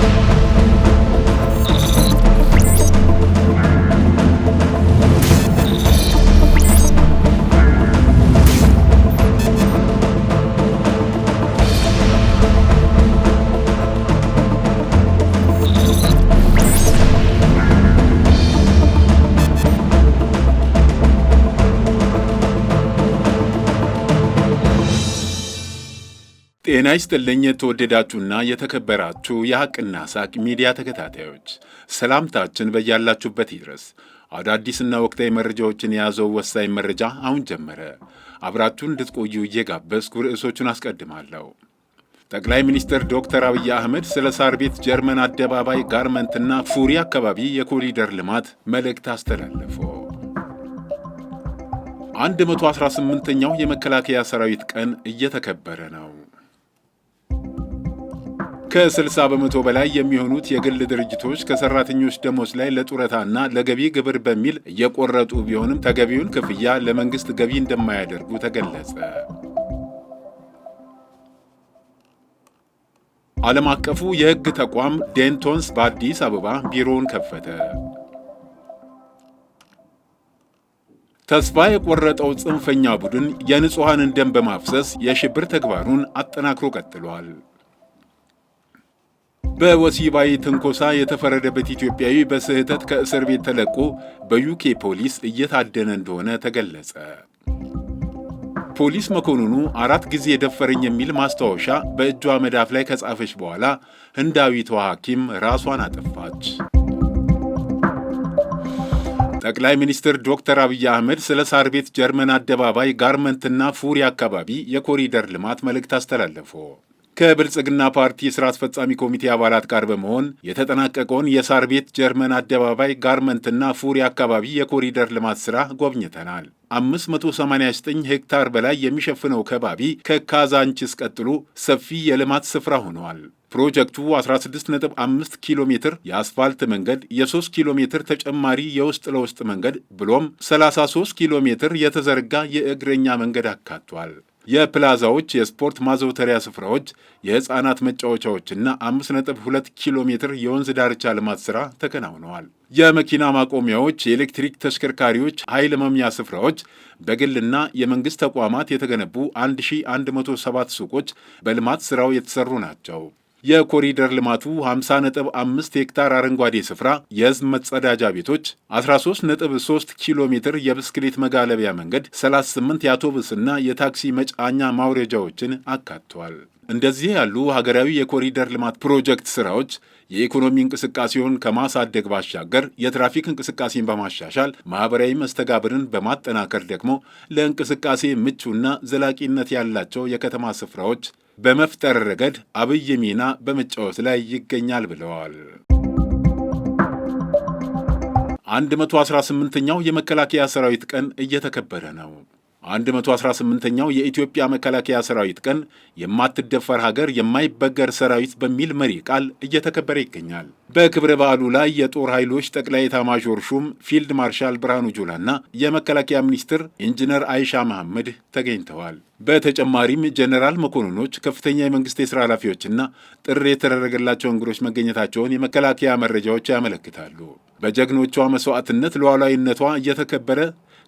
Thank you. ጤና ይስጥልኝ የተወደዳችሁና የተከበራችሁ የሐቅና ሳቅ ሚዲያ ተከታታዮች ሰላምታችን በያላችሁበት ይድረስ። አዳዲስና ወቅታዊ መረጃዎችን የያዘው ወሳኝ መረጃ አሁን ጀመረ። አብራችሁን እንድትቆዩ እየጋበዝኩ ርዕሶቹን አስቀድማለሁ። ጠቅላይ ሚኒስትር ዶክተር አብይ አህመድ ስለ ሳር ቤት፣ ጀርመን አደባባይ፣ ጋርመንትና ፉሪ አካባቢ የኮሪደር ልማት መልእክት አስተላለፉ። 118ኛው የመከላከያ ሰራዊት ቀን እየተከበረ ነው። ከ60 በመቶ በላይ የሚሆኑት የግል ድርጅቶች ከሰራተኞች ደሞዝ ላይ ለጡረታና ለገቢ ግብር በሚል እየቆረጡ ቢሆንም ተገቢውን ክፍያ ለመንግስት ገቢ እንደማያደርጉ ተገለጸ። ዓለም አቀፉ የሕግ ተቋም ዴንቶንስ በአዲስ አበባ ቢሮውን ከፈተ። ተስፋ የቆረጠው ጽንፈኛ ቡድን የንጹሐንን ደም በማፍሰስ የሽብር ተግባሩን አጠናክሮ ቀጥሏል። በወሲባዊ ትንኮሳ የተፈረደበት ኢትዮጵያዊ በስህተት ከእስር ቤት ተለቆ በዩኬ ፖሊስ እየታደነ እንደሆነ ተገለጸ። ፖሊስ መኮንኑ አራት ጊዜ የደፈረኝ የሚል ማስታወሻ በእጇ መዳፍ ላይ ከጻፈች በኋላ ህንዳዊቷ ሐኪም ራሷን አጠፋች። ጠቅላይ ሚኒስትር ዶክተር አብይ አህመድ ስለ ሳር ቤት ጀርመን አደባባይ ጋርመንትና ፉሪ አካባቢ የኮሪደር ልማት መልእክት አስተላለፈ። ከብልጽግና ፓርቲ የስራ አስፈጻሚ ኮሚቴ አባላት ጋር በመሆን የተጠናቀቀውን የሳር ቤት ጀርመን አደባባይ ጋርመንትና ፉሪ አካባቢ የኮሪደር ልማት ስራ ጎብኝተናል። 589 ሄክታር በላይ የሚሸፍነው ከባቢ ከካዛንችስ ቀጥሎ ሰፊ የልማት ስፍራ ሆኗል። ፕሮጀክቱ 16.5 ኪሎ ሜትር የአስፋልት መንገድ፣ የ3 ኪሎ ሜትር ተጨማሪ የውስጥ ለውስጥ መንገድ ብሎም 33 ኪሎ ሜትር የተዘረጋ የእግረኛ መንገድ አካቷል። የፕላዛዎች፣ የስፖርት ማዘውተሪያ ስፍራዎች፣ የህፃናት መጫወቻዎችና 5.2 ኪሎ ሜትር የወንዝ ዳርቻ ልማት ስራ ተከናውነዋል። የመኪና ማቆሚያዎች፣ የኤሌክትሪክ ተሽከርካሪዎች ኃይል መሙያ ስፍራዎች፣ በግልና የመንግሥት ተቋማት የተገነቡ 1107 ሱቆች በልማት ስራው የተሰሩ ናቸው። የኮሪደር ልማቱ 55 ሄክታር አረንጓዴ ስፍራ፣ የህዝብ መጸዳጃ ቤቶች፣ 13.3 ኪሎ ሜትር የብስክሌት መጋለቢያ መንገድ፣ 38 የአውቶቡስና የታክሲ መጫኛ ማውረጃዎችን አካቷል። እንደዚህ ያሉ ሀገራዊ የኮሪደር ልማት ፕሮጀክት ስራዎች የኢኮኖሚ እንቅስቃሴውን ከማሳደግ ባሻገር የትራፊክ እንቅስቃሴን በማሻሻል ማህበራዊ መስተጋብርን በማጠናከር ደግሞ ለእንቅስቃሴ ምቹና ዘላቂነት ያላቸው የከተማ ስፍራዎች በመፍጠር ረገድ አብይ ሚና በመጫወት ላይ ይገኛል ብለዋል። 118ኛው የመከላከያ ሰራዊት ቀን እየተከበረ ነው። 118ኛው የኢትዮጵያ መከላከያ ሰራዊት ቀን የማትደፈር ሀገር የማይበገር ሰራዊት በሚል መሪ ቃል እየተከበረ ይገኛል። በክብረ በዓሉ ላይ የጦር ኃይሎች ጠቅላይ ኤታማዦር ሹም ፊልድ ማርሻል ብርሃኑ ጁላና የመከላከያ ሚኒስትር ኢንጂነር አይሻ መሐመድ ተገኝተዋል። በተጨማሪም ጀኔራል መኮንኖች፣ ከፍተኛ የመንግስት የስራ ኃላፊዎችና ጥሪ የተደረገላቸው እንግዶች መገኘታቸውን የመከላከያ መረጃዎች ያመለክታሉ። በጀግኖቿ መስዋዕትነት ሉዓላዊነቷ እየተከበረ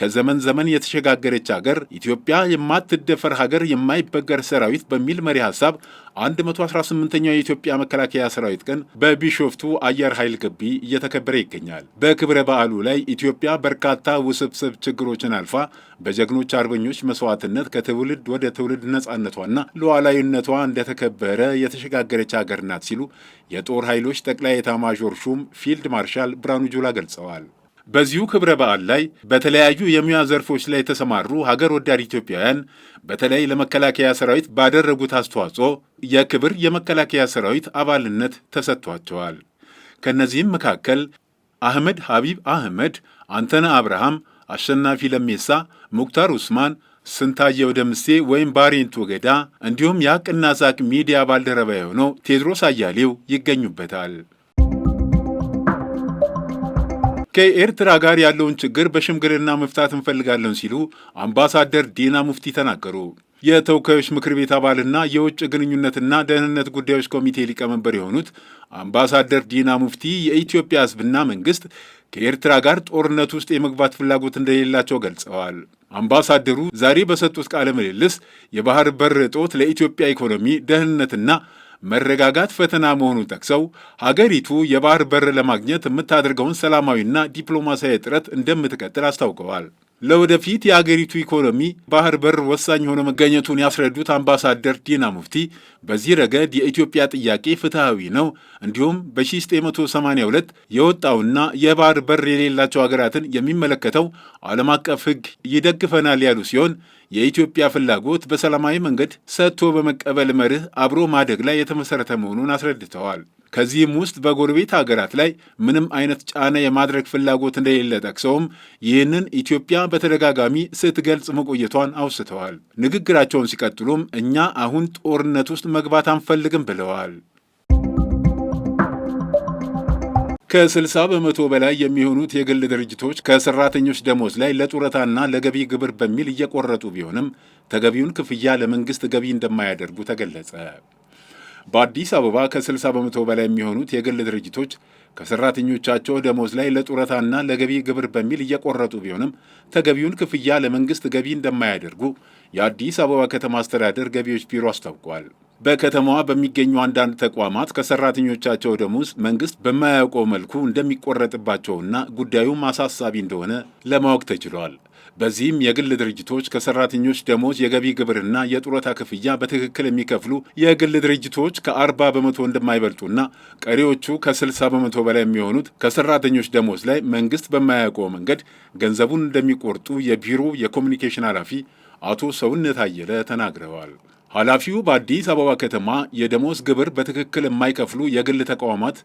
ከዘመን ዘመን የተሸጋገረች ሀገር ኢትዮጵያ የማትደፈር ሀገር የማይበገር ሰራዊት በሚል መሪ ሀሳብ 118ኛው የኢትዮጵያ መከላከያ ሰራዊት ቀን በቢሾፍቱ አየር ኃይል ግቢ እየተከበረ ይገኛል። በክብረ በዓሉ ላይ ኢትዮጵያ በርካታ ውስብስብ ችግሮችን አልፋ በጀግኖች አርበኞች መስዋዕትነት ከትውልድ ወደ ትውልድ ነጻነቷና ሉዓላዊነቷ እንደተከበረ የተሸጋገረች ሀገር ናት ሲሉ የጦር ኃይሎች ጠቅላይ ኤታማዦር ሹም ፊልድ ማርሻል ብርሃኑ ጁላ ገልጸዋል። በዚሁ ክብረ በዓል ላይ በተለያዩ የሙያ ዘርፎች ላይ የተሰማሩ ሀገር ወዳድ ኢትዮጵያውያን በተለይ ለመከላከያ ሰራዊት ባደረጉት አስተዋጽኦ የክብር የመከላከያ ሰራዊት አባልነት ተሰጥቷቸዋል። ከእነዚህም መካከል አህመድ ሀቢብ አህመድ፣ አንተነ አብርሃም፣ አሸናፊ ለሜሳ፣ ሙክታር ኡስማን ስንታየው ደምሴ ወይም ባሬንቱ ገዳ እንዲሁም የሀቅና ሳቅ ሚዲያ ባልደረባ የሆነው ቴድሮስ አያሌው ይገኙበታል። ከኤርትራ ጋር ያለውን ችግር በሽምግልና መፍታት እንፈልጋለን ሲሉ አምባሳደር ዲና ሙፍቲ ተናገሩ። የተወካዮች ምክር ቤት አባልና የውጭ ግንኙነትና ደህንነት ጉዳዮች ኮሚቴ ሊቀመንበር የሆኑት አምባሳደር ዲና ሙፍቲ የኢትዮጵያ ሕዝብና መንግስት ከኤርትራ ጋር ጦርነት ውስጥ የመግባት ፍላጎት እንደሌላቸው ገልጸዋል። አምባሳደሩ ዛሬ በሰጡት ቃለ ምልልስ የባህር በር እጦት ለኢትዮጵያ ኢኮኖሚ ደህንነትና መረጋጋት ፈተና መሆኑ ጠቅሰው ሀገሪቱ የባህር በር ለማግኘት የምታደርገውን ሰላማዊና ዲፕሎማሲያዊ ጥረት እንደምትቀጥል አስታውቀዋል። ለወደፊት የአገሪቱ ኢኮኖሚ ባህር በር ወሳኝ ሆኖ መገኘቱን ያስረዱት አምባሳደር ዲና ሙፍቲ በዚህ ረገድ የኢትዮጵያ ጥያቄ ፍትሐዊ ነው፣ እንዲሁም በ1982 የወጣውና የባህር በር የሌላቸው ሀገራትን የሚመለከተው ዓለም አቀፍ ሕግ ይደግፈናል ያሉ ሲሆን የኢትዮጵያ ፍላጎት በሰላማዊ መንገድ ሰጥቶ በመቀበል መርህ አብሮ ማደግ ላይ የተመሠረተ መሆኑን አስረድተዋል። ከዚህም ውስጥ በጎረቤት አገራት ላይ ምንም አይነት ጫና የማድረግ ፍላጎት እንደሌለ ጠቅሰውም ይህንን ኢትዮጵያ በተደጋጋሚ ስትገልጽ መቆየቷን አውስተዋል። ንግግራቸውን ሲቀጥሉም እኛ አሁን ጦርነት ውስጥ መግባት አንፈልግም ብለዋል። ከ60 በመቶ በላይ የሚሆኑት የግል ድርጅቶች ከሰራተኞች ደሞዝ ላይ ለጡረታና ለገቢ ግብር በሚል እየቆረጡ ቢሆንም ተገቢውን ክፍያ ለመንግስት ገቢ እንደማያደርጉ ተገለጸ። በአዲስ አበባ ከ60 በመቶ በላይ የሚሆኑት የግል ድርጅቶች ከሰራተኞቻቸው ደሞዝ ላይ ለጡረታና ለገቢ ግብር በሚል እየቆረጡ ቢሆንም ተገቢውን ክፍያ ለመንግስት ገቢ እንደማያደርጉ የአዲስ አበባ ከተማ አስተዳደር ገቢዎች ቢሮ አስታውቋል። በከተማዋ በሚገኙ አንዳንድ ተቋማት ከሰራተኞቻቸው ደሞዝ መንግስት በማያውቀው መልኩ እንደሚቆረጥባቸውና ጉዳዩም አሳሳቢ እንደሆነ ለማወቅ ተችሏል። በዚህም የግል ድርጅቶች ከሰራተኞች ደሞዝ የገቢ ግብርና የጡረታ ክፍያ በትክክል የሚከፍሉ የግል ድርጅቶች ከአርባ በመቶ እንደማይበልጡና ቀሪዎቹ ከስልሳ በመቶ በላይ የሚሆኑት ከሰራተኞች ደሞዝ ላይ መንግስት በማያውቀው መንገድ ገንዘቡን እንደሚቆርጡ የቢሮ የኮሚኒኬሽን ኃላፊ አቶ ሰውነት አየለ ተናግረዋል። ኃላፊው በአዲስ አበባ ከተማ የደሞዝ ግብር በትክክል የማይከፍሉ የግል ተቋማት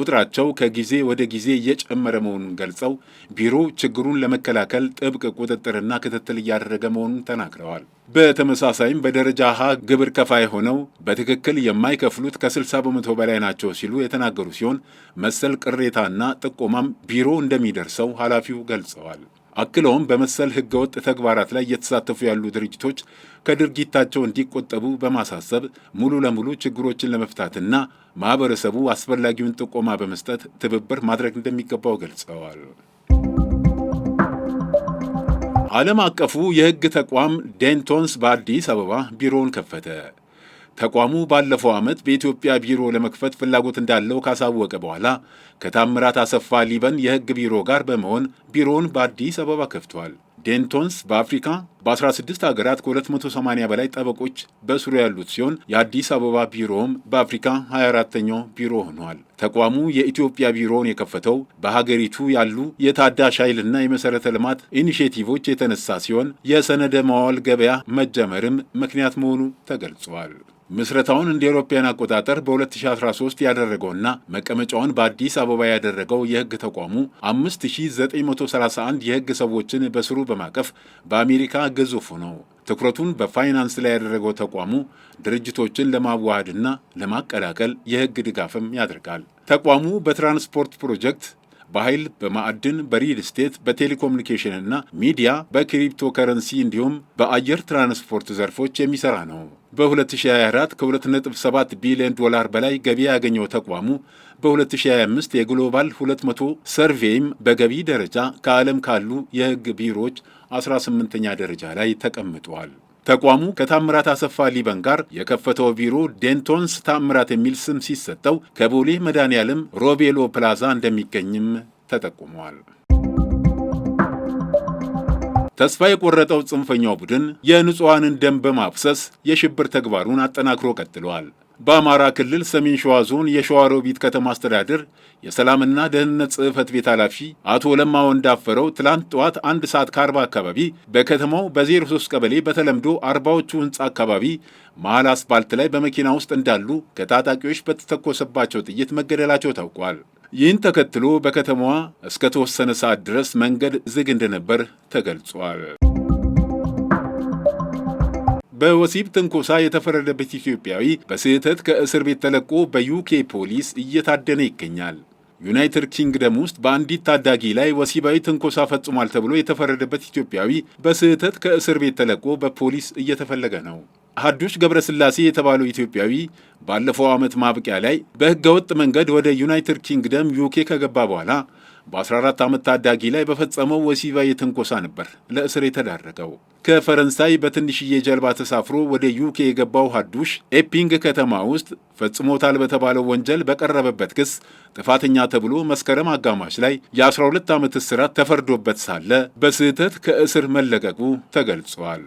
ቁጥራቸው ከጊዜ ወደ ጊዜ እየጨመረ መሆኑን ገልጸው ቢሮ ችግሩን ለመከላከል ጥብቅ ቁጥጥርና ክትትል እያደረገ መሆኑን ተናግረዋል። በተመሳሳይም በደረጃ ሀ ግብር ከፋይ ሆነው በትክክል የማይከፍሉት ከ60 በመቶ በላይ ናቸው ሲሉ የተናገሩ ሲሆን መሰል ቅሬታና ጥቆማም ቢሮ እንደሚደርሰው ኃላፊው ገልጸዋል። አክለውም በመሰል ህገወጥ ተግባራት ላይ እየተሳተፉ ያሉ ድርጅቶች ከድርጊታቸው እንዲቆጠቡ በማሳሰብ ሙሉ ለሙሉ ችግሮችን ለመፍታትና ማህበረሰቡ አስፈላጊውን ጥቆማ በመስጠት ትብብር ማድረግ እንደሚገባው ገልጸዋል። ዓለም አቀፉ የህግ ተቋም ዴንቶንስ በአዲስ አበባ ቢሮውን ከፈተ። ተቋሙ ባለፈው ዓመት በኢትዮጵያ ቢሮ ለመክፈት ፍላጎት እንዳለው ካሳወቀ በኋላ ከታምራት አሰፋ ሊበን የሕግ ቢሮ ጋር በመሆን ቢሮውን በአዲስ አበባ ከፍቷል። ዴንቶንስ በአፍሪካ በ16 ሀገራት ከ280 በላይ ጠበቆች በስሩ ያሉት ሲሆን የአዲስ አበባ ቢሮውም በአፍሪካ 24ተኛው ቢሮ ሆኗል። ተቋሙ የኢትዮጵያ ቢሮውን የከፈተው በሀገሪቱ ያሉ የታዳሽ ኃይልና የመሠረተ ልማት ኢኒሽቲቮች የተነሳ ሲሆን የሰነደ ማዋል ገበያ መጀመርም ምክንያት መሆኑ ተገልጿል። ምስረታውን እንደ አውሮፓውያን አቆጣጠር በ2013 ያደረገውና መቀመጫውን በአዲስ አበባ ያደረገው የሕግ ተቋሙ 5931 የሕግ ሰዎችን በስሩ በማቀፍ በአሜሪካ ግዙፉ ነው። ትኩረቱን በፋይናንስ ላይ ያደረገው ተቋሙ ድርጅቶችን ለማዋሃድና ለማቀላቀል የህግ ድጋፍም ያደርጋል። ተቋሙ በትራንስፖርት ፕሮጀክት በኃይል፣ በማዕድን፣ በሪል ስቴት፣ በቴሌኮሙኒኬሽን እና ሚዲያ፣ በክሪፕቶ ከረንሲ እንዲሁም በአየር ትራንስፖርት ዘርፎች የሚሰራ ነው። በ2024 ከ2.7 ቢሊዮን ዶላር በላይ ገቢ ያገኘው ተቋሙ በ2025 የግሎባል 200 ሰርቬይም በገቢ ደረጃ ከዓለም ካሉ የሕግ ቢሮዎች 18ኛ ደረጃ ላይ ተቀምጧል። ተቋሙ ከታምራት አሰፋ ሊበን ጋር የከፈተው ቢሮ ዴንቶንስ ታምራት የሚል ስም ሲሰጠው ከቦሌ መድኃኔዓለም ሮቤሎ ፕላዛ እንደሚገኝም ተጠቁመዋል። ተስፋ የቆረጠው ጽንፈኛው ቡድን የንጹሐንን ደም በማፍሰስ የሽብር ተግባሩን አጠናክሮ ቀጥለዋል። በአማራ ክልል ሰሜን ሸዋ ዞን የሸዋሮቢት ከተማ አስተዳደር የሰላምና ደህንነት ጽሕፈት ቤት ኃላፊ አቶ ለማ ወንዳፈረው ትላንት ጠዋት አንድ ሰዓት ከአርባ አካባቢ በከተማው በ03 ቀበሌ በተለምዶ አርባዎቹ ህንፃ አካባቢ መሃል አስፋልት ላይ በመኪና ውስጥ እንዳሉ ከታጣቂዎች በተተኮሰባቸው ጥይት መገደላቸው ታውቋል። ይህን ተከትሎ በከተማዋ እስከ ተወሰነ ሰዓት ድረስ መንገድ ዝግ እንደነበር ተገልጿል። በወሲብ ትንኮሳ የተፈረደበት ኢትዮጵያዊ በስህተት ከእስር ቤት ተለቆ በዩኬ ፖሊስ እየታደነ ይገኛል። ዩናይትድ ኪንግደም ውስጥ በአንዲት ታዳጊ ላይ ወሲባዊ ትንኮሳ ፈጽሟል ተብሎ የተፈረደበት ኢትዮጵያዊ በስህተት ከእስር ቤት ተለቆ በፖሊስ እየተፈለገ ነው። ሀዱሽ ገብረስላሴ የተባለው ኢትዮጵያዊ ባለፈው ዓመት ማብቂያ ላይ በሕገ ወጥ መንገድ ወደ ዩናይትድ ኪንግደም ዩኬ ከገባ በኋላ በ14 ዓመት ታዳጊ ላይ በፈጸመው ወሲባ ትንኮሳ ነበር ለእስር የተዳረገው። ከፈረንሳይ በትንሽዬ ጀልባ ተሳፍሮ ወደ ዩኬ የገባው ሀዱሽ ኤፒንግ ከተማ ውስጥ ፈጽሞታል በተባለው ወንጀል በቀረበበት ክስ ጥፋተኛ ተብሎ መስከረም አጋማሽ ላይ የ12 ዓመት እስራት ተፈርዶበት ሳለ በስህተት ከእስር መለቀቁ ተገልጿል።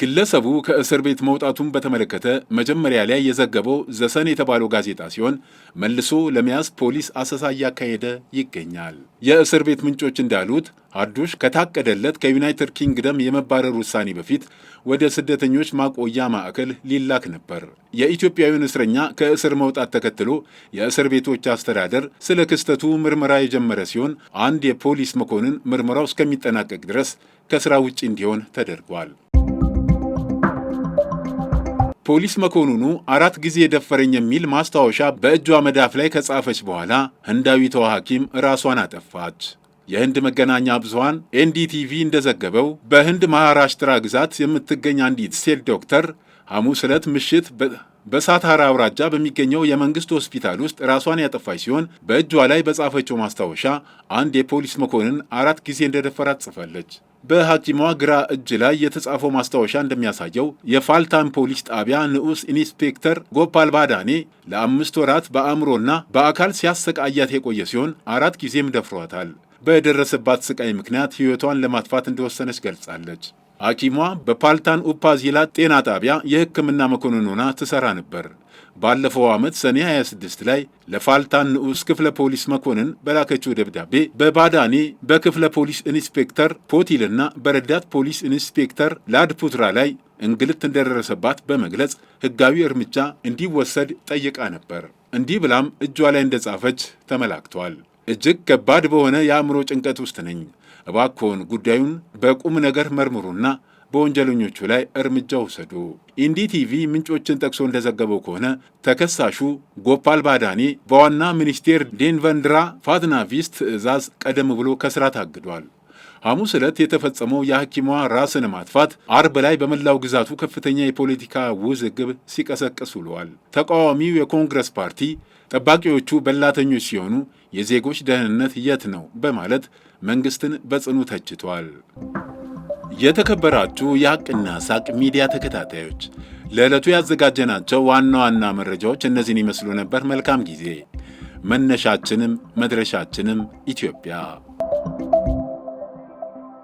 ግለሰቡ ከእስር ቤት መውጣቱን በተመለከተ መጀመሪያ ላይ የዘገበው ዘሰን የተባለው ጋዜጣ ሲሆን መልሶ ለመያዝ ፖሊስ አሰሳ እያካሄደ ይገኛል። የእስር ቤት ምንጮች እንዳሉት ሀዱሽ ከታቀደለት ከዩናይትድ ኪንግደም የመባረር ውሳኔ በፊት ወደ ስደተኞች ማቆያ ማዕከል ሊላክ ነበር። የኢትዮጵያዊውን እስረኛ ከእስር መውጣት ተከትሎ የእስር ቤቶች አስተዳደር ስለ ክስተቱ ምርመራ የጀመረ ሲሆን አንድ የፖሊስ መኮንን ምርመራው እስከሚጠናቀቅ ድረስ ከስራ ውጭ እንዲሆን ተደርጓል። ፖሊስ መኮንኑ አራት ጊዜ የደፈረኝ የሚል ማስታወሻ በእጇ መዳፍ ላይ ከጻፈች በኋላ ህንዳዊቷ ሐኪም ራሷን አጠፋች። የህንድ መገናኛ ብዙሃን ኤንዲቲቪ እንደዘገበው በህንድ ማሃራሽትራ ግዛት የምትገኝ አንዲት ሴት ዶክተር ሐሙስ ዕለት ምሽት በሳታራ አውራጃ በሚገኘው የመንግስት ሆስፒታል ውስጥ ራሷን ያጠፋች ሲሆን በእጇ ላይ በጻፈችው ማስታወሻ አንድ የፖሊስ መኮንን አራት ጊዜ እንደደፈራት ጽፋለች። በሐኪሟ ግራ እጅ ላይ የተጻፈው ማስታወሻ እንደሚያሳየው የፋልታን ፖሊስ ጣቢያ ንዑስ ኢንስፔክተር ጎፓል ባዳኔ ለአምስት ወራት በአእምሮና በአካል ሲያሰቃያት የቆየ ሲሆን አራት ጊዜም ደፍሯታል። በደረሰባት ስቃይ ምክንያት ሕይወቷን ለማጥፋት እንደወሰነች ገልጻለች። ሐኪሟ በፓልታን ኡፓ ዚላት ጤና ጣቢያ የሕክምና መኮንን ሆና ትሠራ ነበር። ባለፈው ዓመት ሰኔ 26 ላይ ለፋልታን ንዑስ ክፍለ ፖሊስ መኮንን በላከችው ደብዳቤ በባዳኔ በክፍለ ፖሊስ ኢንስፔክተር ፖቲልና በረዳት ፖሊስ ኢንስፔክተር ላድፑትራ ላይ እንግልት እንደደረሰባት በመግለጽ ሕጋዊ እርምጃ እንዲወሰድ ጠይቃ ነበር። እንዲህ ብላም እጇ ላይ እንደጻፈች ተመላክቷል። እጅግ ከባድ በሆነ የአእምሮ ጭንቀት ውስጥ ነኝ። እባክዎን ጉዳዩን በቁም ነገር መርምሩና በወንጀለኞቹ ላይ እርምጃ ውሰዱ። ኢንዲ ቲቪ ምንጮችን ጠቅሶ እንደዘገበው ከሆነ ተከሳሹ ጎፓል ባዳኒ በዋና ሚኒስቴር ዴንቨንድራ ፋትናቪስ ትዕዛዝ ቀደም ብሎ ከስራ ታግዷል። ሐሙስ ዕለት የተፈጸመው የሐኪሟ ራስን ማጥፋት አርብ ላይ በመላው ግዛቱ ከፍተኛ የፖለቲካ ውዝግብ ሲቀሰቅስ ውለዋል። ተቃዋሚው የኮንግረስ ፓርቲ ጠባቂዎቹ በላተኞች ሲሆኑ የዜጎች ደህንነት የት ነው በማለት መንግስትን በጽኑ ተችቷል። የተከበራችሁ የሐቅና ሳቅ ሚዲያ ተከታታዮች ለዕለቱ ያዘጋጀናቸው ዋና ዋና መረጃዎች እነዚህን ይመስሉ ነበር። መልካም ጊዜ። መነሻችንም መድረሻችንም ኢትዮጵያ